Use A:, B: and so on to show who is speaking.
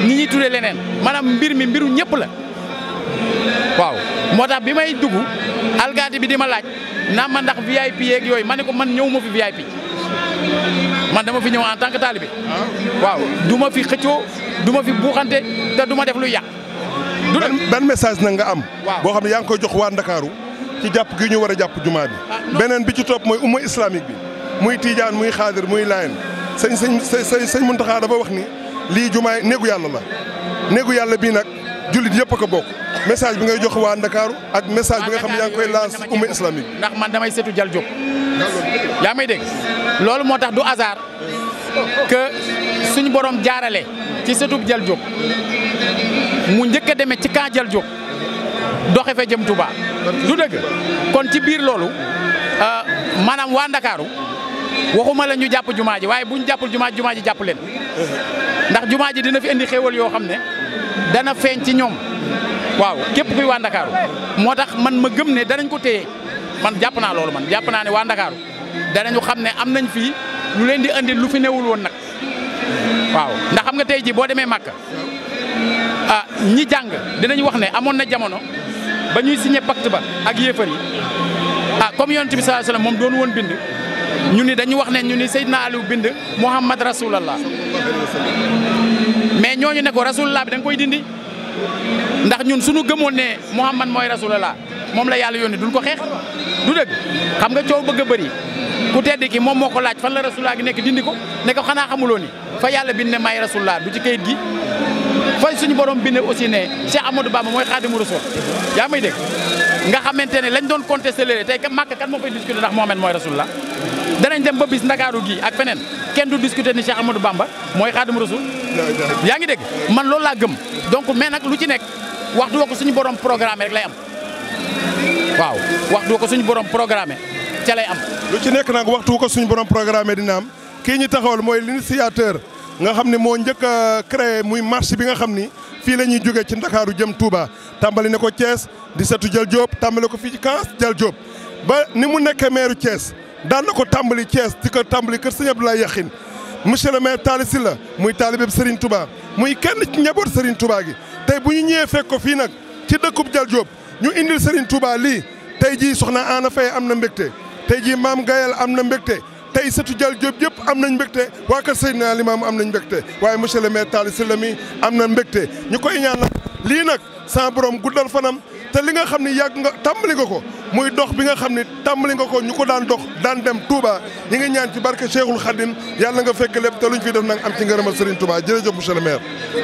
A: ngi ñuy tuddee leneen maanaam mbir mi mbiru ñëpp la waaw moo tax bi may dugg alkaati bi di ma laaj naa ma ndax VIP yeeg yooyu ma ne ko man ñëw ma fi VIP man dama fi ñëw en
B: tant que talibé waaw du ma fi xëccoo du ma fi buuxante te du ma def lu yàq. du ban message na nga am. boo xam ne yaa ngi koy jox waa Ndakaaru ci jàpp gi ñu war a jàpp jumaa bi. Ah, beneen bi ci topp mooy umma islamique bi muy Tidiane muy Xaadir muy Laayeen sëñ sëñ sëñ Muntaxa dafa wax ni. lii jumaay néegu yàlla la néegu yàlla bii nag jullit yëpp ko bokk message bi ngay jox waa Ndakaaru ak message bi nga xam ne yaa ngi koy laas umma islamique ndax man damay setu jal jóg yaa may dégg loolu moo tax du hasard
A: que suñu borom jaarale ci setu jal jóg mu njëkk a demee ci camp jal jóg doxe fa jëm Touba du dëgg kon ci biir loolu euh, maanaam waa Ndakaaru waxuma la ñu jàpp jumaa ji waaye bu ñu jàppul jumaa ji jumaa ji jàpp leen ndax jumaa ji dina fi indi xéewal yoo xam ne dana feeñ ci ñoom waaw képp kuy waa Ndakaaru moo tax man ma gëm ne danañ ko téye man jàpp naa loolu man jàpp naa ne waa Ndakaaru danañu xam ne am nañ fi lu leen di indi lu fi newul woon nag waaw ndax xam nga tey jii boo demee Màkka a ah, ñi jàng danañu wax ne amoon na jamono ba ñuy signé pacte ba ak yéefar yi a ah, comme yonent bi sallallahu alayhi wasallam moom doon woon bind ñu ni dañu wax ne ñu ni Seydina Aliou bind Muhammad rasulallah mais ñooñu ne ko rasulallah bi da koy dindi ndax ñun suñu gëmoon ne Muhammad mooy rasulallah moom la yàlla yoon yónni duñ ko xeex du dëgg xam nga coow bëgg a bëri ku tedd ki moom moo ko laaj fan la rasulallah gi nekk dindi ko ne ko xanaa xamuloo ni fa yàlla bind ne may rasulallah du ci kayit gi fay suñu borom bind aussi ne Cheikh Amadou Bamba mooy xaadimu rasul yaa may dégg nga xamante ne lañ doon contesté léegi tey Makka kan moo koy discuter ndax Mohamed mooy rasulullah danañ dem ba bis ndakaaru gi ak feneen kenn du discuter ni Cheikh Amadou Bamba mooy xaadimu rasul yaa ngi dégg man loolu laa gëm donc mais nag lu ci nekk waxtu woo ko suñu borom programmé rek lay am waaw waxtu woo ko suñu borom
B: programmé ca lay am. lu ci nekk nag waxtu woo ko suñu borom programme dina am kii ñu taxawal mooy l'initiateur nga xam ne moo njëkk a muy marché bi nga xam ni. fii la ñuy jógee ci Ndakaaru jëm Touba tàmbali na ko Thiès di setu Jal Diop tàmbali ko fii ci Kans Jal Diop ba ni mu nekkee meeru Thiès daan na ko tàmbali Thiès di ko tàmbali kër sëñ Abdoulaye Yakhine monsieur le maire Talla Sylla muy taalibe Serigne Touba muy kenn ci njaboot Serigne Touba gi tey bu ñu ñëwee fekk ko fii nag ci dëkkub Jal Diop ñu indil Serigne Touba lii tey jii soxna Ana Faye am na mbégte tey jii maam Gayel am na mbégte ay sëtu jal Diop yëpp am nañ mbégte waa kër Seydina Limam am nañ mbégte waaye monsieur le am na mbégte ñu koy ñaan nag lii nag sa borom guddal fanam te li nga xam ni yàgg nga tàmbali nga ko muy dox bi nga xam ni tàmbali nga ko ñu ko daan dox daan dem tuuba ñi ngi ñaan ci barke Cheikhul Khadim yàlla nga fekk lépp te luñ fi def nag am ci ngërëmal Serigne Touba jërëjëf monsieur le